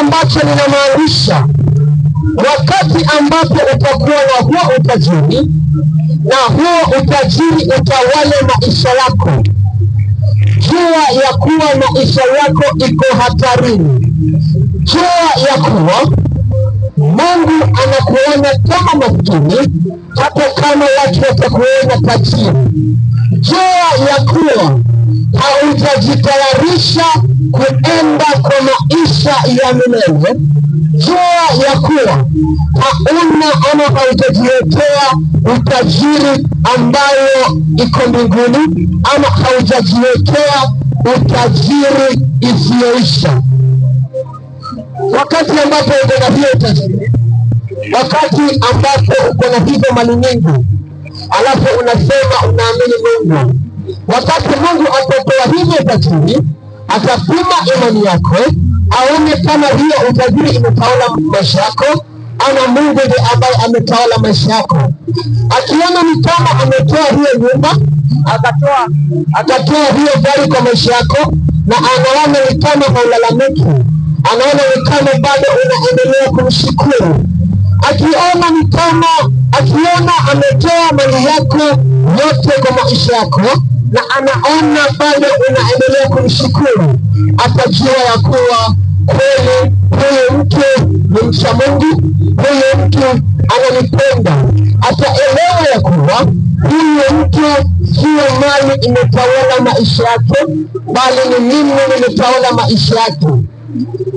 ambacho ninamaanisha, wakati ambapo utakuwa na huo utajiri na huo utajiri utawale maisha yako, jua ya kuwa maisha yako iko hatarini, jua ya kuwa Mungu anakuona kama maskini hata kama watu watakuona tajiri. Jua ya kuwa haujajitayarisha kuenda kwa maisha ya milele. Jua ya kuwa hauna ama haujajiwekea utajiri ambayo iko mbinguni, ama haujajiwekea utajiri isiyoisha. Wakati ambapo uko na hiyo utajiri, wakati ambapo uko na hivyo mali nyingi, alafu unasema unaamini Mungu, wakati Mungu atapewa hivyo utajiri atapima imani yako, aone kama hiyo utajiri imetawala maisha yako ana Mungu ndiye ambaye ametawala maisha yako. Akiona ni kama ametoa hiyo nyumba akatoa akatoa hiyo gari kwa maisha yako, na anaona ni kama haulalamiki, anaona ni kama bado unaendelea kumshukuru. Akiona ni kama akiona ametoa mali yako yote kwa maisha yako na anaona bado unaendelea kumshukuru, atajua ya kuwa kweli huyu mtu ni mcha Mungu, huyu mtu ananipenda. Ataelewa ya kuwa huyu mtu sio mali imetawala maisha yake, bali ni mimi nimetawala maisha yake.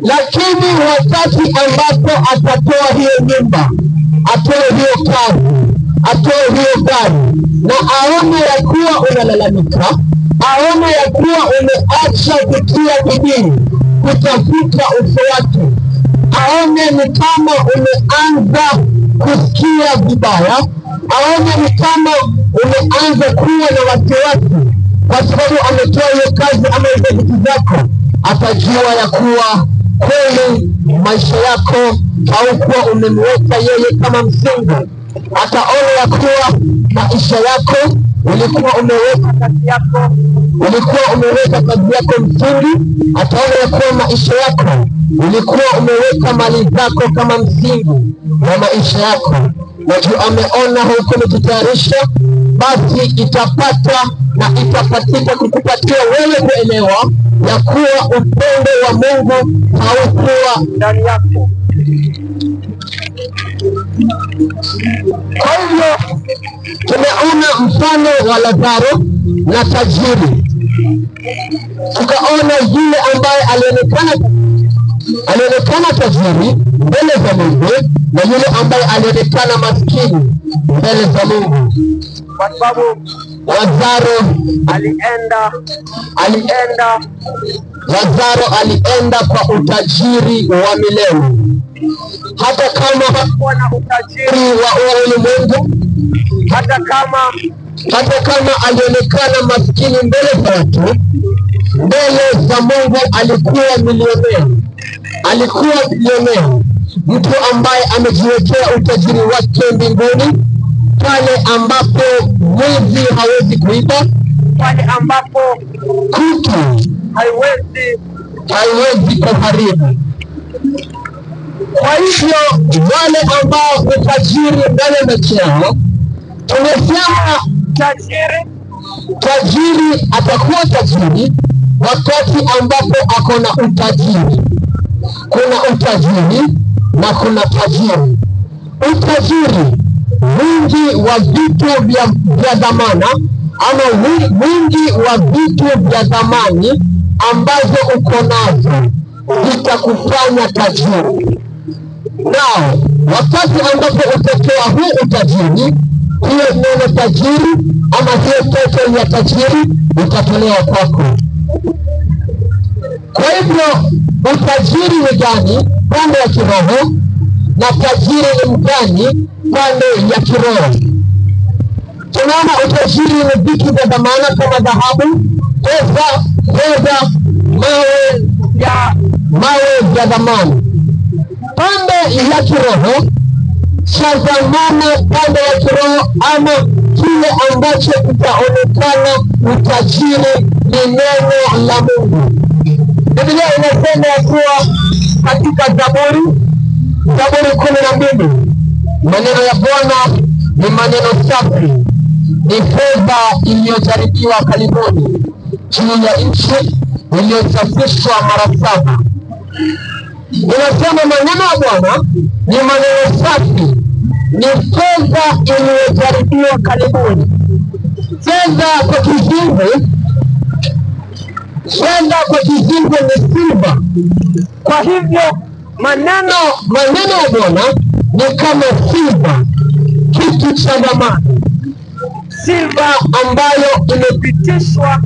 Lakini wakati ambapo atatoa hiyo nyumba, atoe hiyo kazi, atoe hiyo gari na aone ya kuwa unalalamika, aone ya kuwa umeacha kutia bidii kutafuta uso wake, aone ni kama umeanza kusikia vibaya, aone ni kama umeanza kuwa na wasiwasi, kwa sababu ametoa hiyo kazi ama hizo vitu zako, atajua ya kuwa kweli maisha yako haukuwa umemweka yeye kama msingi. Ataona ya kuwa maisha yako, ulikuwa umeweka kazi yako, ulikuwa umeweka kazi yako msingi. Ataona ya kuwa maisha yako, ulikuwa umeweka mali zako kama msingi wa maisha yako, na ameona ameona hukumejitayarisha, basi itapata na itapatika kukupatia wewe kuelewa ya kuwa upendo wa Mungu haukuwa ndani yako. Kwa hivyo Tumeona mfano wa Lazaro na tajiri, tukaona yule ambaye alionekana alionekana tajiri mbele za Mungu na yule ambaye alionekana maskini mbele za Mungu, kwa sababu Lazaro alienda alienda Lazaro alienda kwa utajiri wa milele, hata kama hakuwa na utajiri wa ulimwengu hata kama hata kama alionekana maskini mbele za watu, mbele za Mungu alikuwa milionea, alikuwa milionea, mtu ambaye amejiwekea utajiri wake mbinguni, pale ambapo mwezi hawezi kuiba, pale ambapo kutu haiwezi haiwezi kuharibu. Kwa hivyo wale ambao utajiri ndani ya maisha yao Tumesema tajiri tajiri atakuwa tajiri wakati ambapo ako na utajiri. Kuna utajiri na kuna tajiri. Utajiri wingi wa vitu vya dhamana ama wingi wa vitu vya dhamani ambazo uko nazo vitakufanya tajiri. Nao wakati ambapo utatoa huu utajiri hiyo neno tajiri ama hiyo toto ya tajiri utatolewa kwako. Kwa hivyo utajiri ni gani pande ya kiroho na tajiri ni mgani pande ya kiroho? Tunaona utajiri ni vitu vya dhamana kama dhahabu, pesa, fedha, mawe ya mawe ya dhamani. Pande ya kiroho cha dhamana upande wa kiroho ama kile ambacho utaonekana utajiri ni neno la Mungu. Biblia inasema ya kuwa katika Zaburi, Zaburi kumi na mbili, maneno ya Bwana ni maneno safi, ni fedha iliyojaribiwa kalibuni juu ya nchi iliyosafishwa mara saba. Inasema maneno ya Bwana ni maneno safi ni fedha iliyojaribiwa karibuni, fedha kwa kizungu fedha kwa kizungu ni silver. Kwa hivyo maneno maneno ya Bwana ni kama silver, kitu cha dhamani, silver ambayo imepitishwa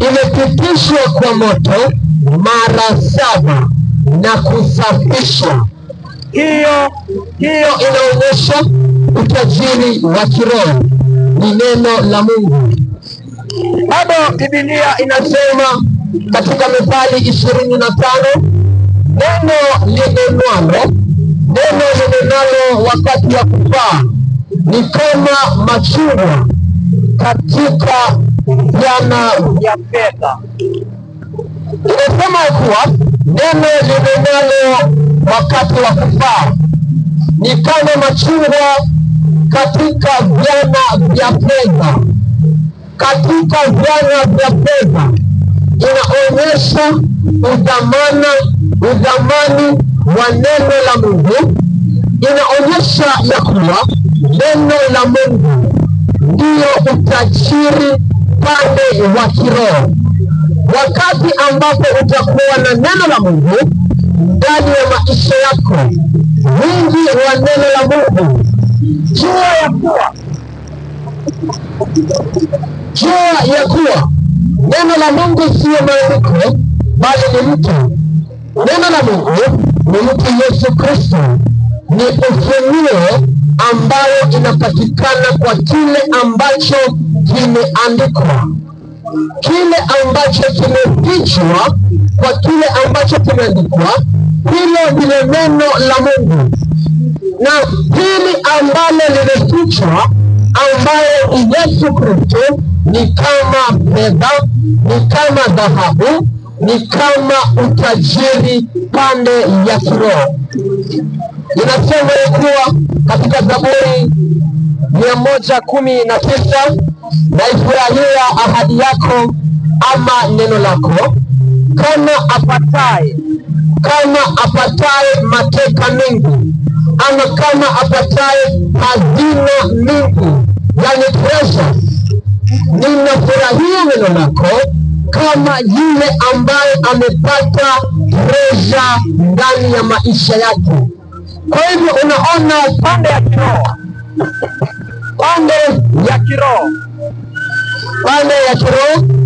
imepitishwa kwa moto mara saba na kusafishwa hiyo hiyo inaonyesha utajiri wa kiroho, ni neno la Mungu. Bado Biblia inasema katika Methali ishirini na tano neno linenwalo, neno linenalo wakati wa kufaa ni kama machungwa katika jana ya fedha. Inasema kuwa neno linenalo wakati wa kufaa, ni kama machungwa katika vyana vya fedha. Katika vyana vya fedha inaonyesha udhamana, udhamani wa neno la Mungu, inaonyesha ya kuwa neno la Mungu ndiyo utajiri pande wa kiroho. Wakati ambapo utakuwa na neno la Mungu ndani ya maisha yako, wingi wa neno la Mungu. Jua ya kuwa jua ya kuwa neno la Mungu siyo maandiko, bali ni mtu. Neno la Mungu ni mtu Yesu Kristo, ni ufunuo ambayo inapatikana kwa kile ambacho kimeandikwa, kile ambacho kimefichwa kwa kile ambacho kimeandikwa. Hilo ndilo neno la Mungu, na hili ambalo limefichwa, ambayo ni Yesu Kristo, ni kama fedha, ni kama dhahabu, ni kama utajiri pande ya kiroho. Inasema ya kuwa katika Zaburi mia moja kumi na tisa naifurahia ahadi yako ama neno lako kama apataye kama apataye mateka mingi, ama kama apataye hazina mingi, yani treasure. Ninafurahia neno lako kama yule ambaye amepata treasure ndani ya maisha yake. Kwa hivyo unaona pande ya kiroho, pande ya kiroho, pande ya kiroho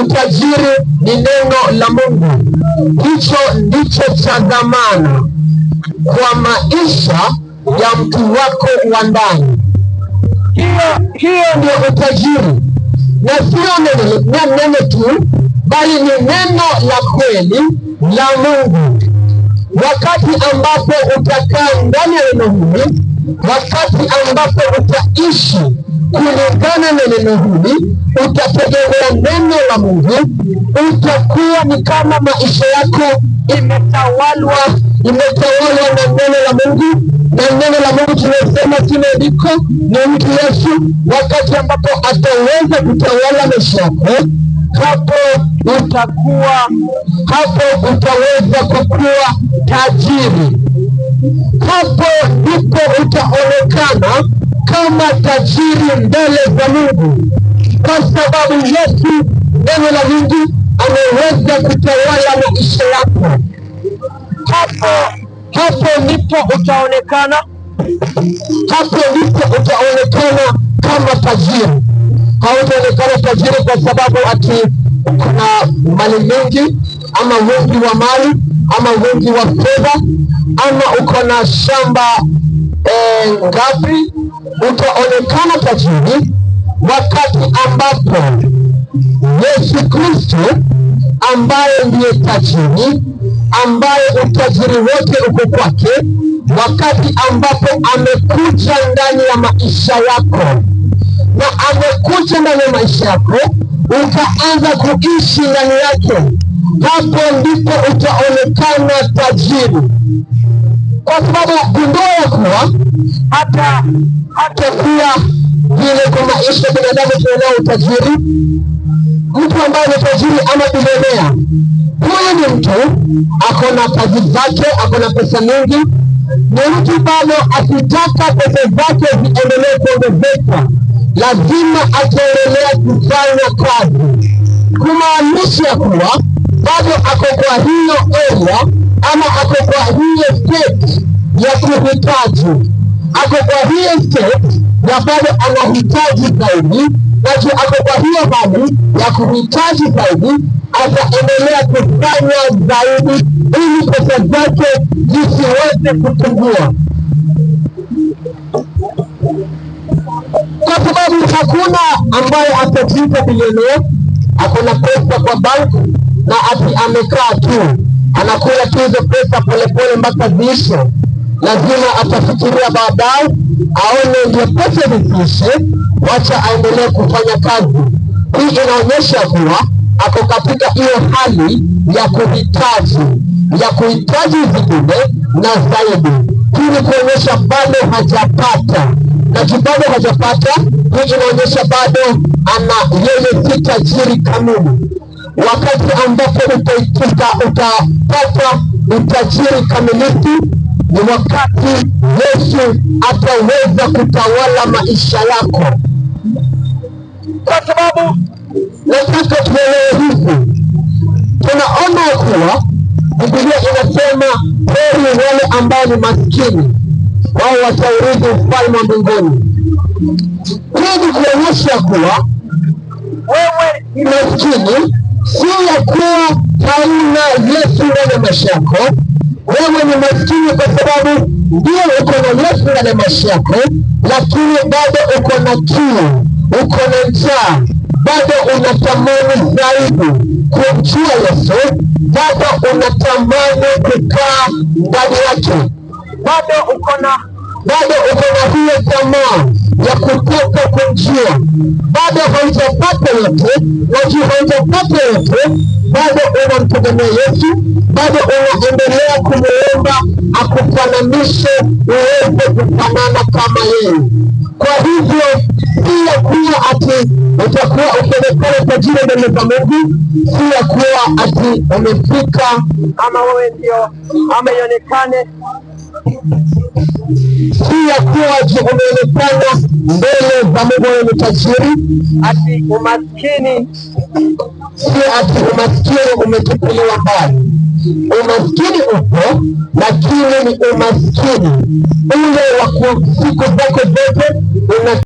Utajiri ni neno la Mungu. Hicho ndicho cha dhamana kwa maisha ya mtu wako wa ndani. Hiyo hiyo ndio utajiri, na sio neno tu, bali ni neno la kweli la Mungu. Wakati ambapo utakaa ndani ya neno hili, wakati ambapo utaishi kulingana na neno hili, utategemea neno la Mungu, utakuwa ni kama maisha yako imetawalwa imetawalwa na neno la Mungu. Na neno la Mungu tunasema sinodiko ni mtu Yesu. Wakati ambapo ataweza kutawala maisha yako, hapo utakuwa hapo utaweza kukuwa tajiri, hapo ndipo utaonekana kama tajiri mbele za Mungu, kwa sababu Yesu, neno la Mungu, ameweza kutawala maisha yako. Hapo hapo ndipo utaonekana, hapo ndipo utaonekana kama tajiri. Hautaonekana tajiri kwa sababu ati kuna mali mingi ama wingi wa mali ama wingi wa fedha ama uko na shamba eh, ngapi utaonekana tajiri wakati ambapo Yesu Kristo ambaye ndiye tajiri, ambaye utajiri wote uko kwake, wakati ambapo amekuja ndani ya maisha yako, na amekuja ndani ya maisha yako, ukaanza kuishi ndani yake, hapo ndipo utaonekana tajiri, kwa sababu gundua ya kuwa hata hata pia vile kwa maisha binadamu tunao utajiri. Mtu ambaye ni tajiri ama bilionea, huyu ni mtu akona kazi zake, akona pesa mingi, ni mtu bado akitaka pesa zake ziendelee kuongezeka, lazima ataendelea kufanya kazi, kumaanisha kuwa bado ako kwa hiyo area ama ako kwa hiyo state ya kuhitaji ako kwa hiyo state ya bado anahitaji zaidi, basi ako kwa hiyo hali ya kuhitaji zaidi, ataendelea kufanya zaidi ili pesa zake zisiweze kupungua, kwa sababu hakuna ambaye atajiita bilionea akona pesa kwa banki na ati amekaa tu anakula tu hizo pesa polepole mpaka ziishe lazima atafikiria baadaye, aone yepote vipishe, wacha aendelee kufanya kazi hii. Inaonyesha kuwa ako katika hiyo hali ya kuhitaji ya kuhitaji zingine na zaidi. Hii ni kuonyesha bado hajapata na bado hajapata. Hii inaonyesha bado ana yeye si tajiri kamili. Wakati ambapo utaitika utapata utajiri kamilifu ni wakati Yesu ataweza kutawala maisha yako, kwa sababu nataka tuelewe hivi. Tunaona kuwa Biblia inasema heri wale ambao ni maskini, wao wataurithi ufalme wa mbinguni. Hii ni kuonyesha kuwa wewe ni maskini, si ya kuwa hauna Yesu ndani ya maisha yako wewe ni maskini kwa sababu ndio uko na refu ndani maisha yako, lakini bado uko na kiu, uko na njaa, bado unatamani zaidi kumjua Yesu, bado unatamani kukaa ndani yake, bado uko na bado uko na hiyo tamaa ya kutaka kumjua, bado haujapata yote, na juu haujapata yote, bado unamtegemea Yesu bado unaendelea kumuomba akufananishe uweze kufanana kama yeye. Kwa hivyo si ya kuwa ati utakuwa ukionekana tajiri mbele za Mungu, si ya kuwa ati umefika ama wewe ndio ama ionekane si ya kuwa ati umeonekana mbele za Mungu wewe ni tajiri, ati umaskini si ati umaskini umetupiliwa mbali Umaskini upo, lakini ni umaskini ule wa siku zako zote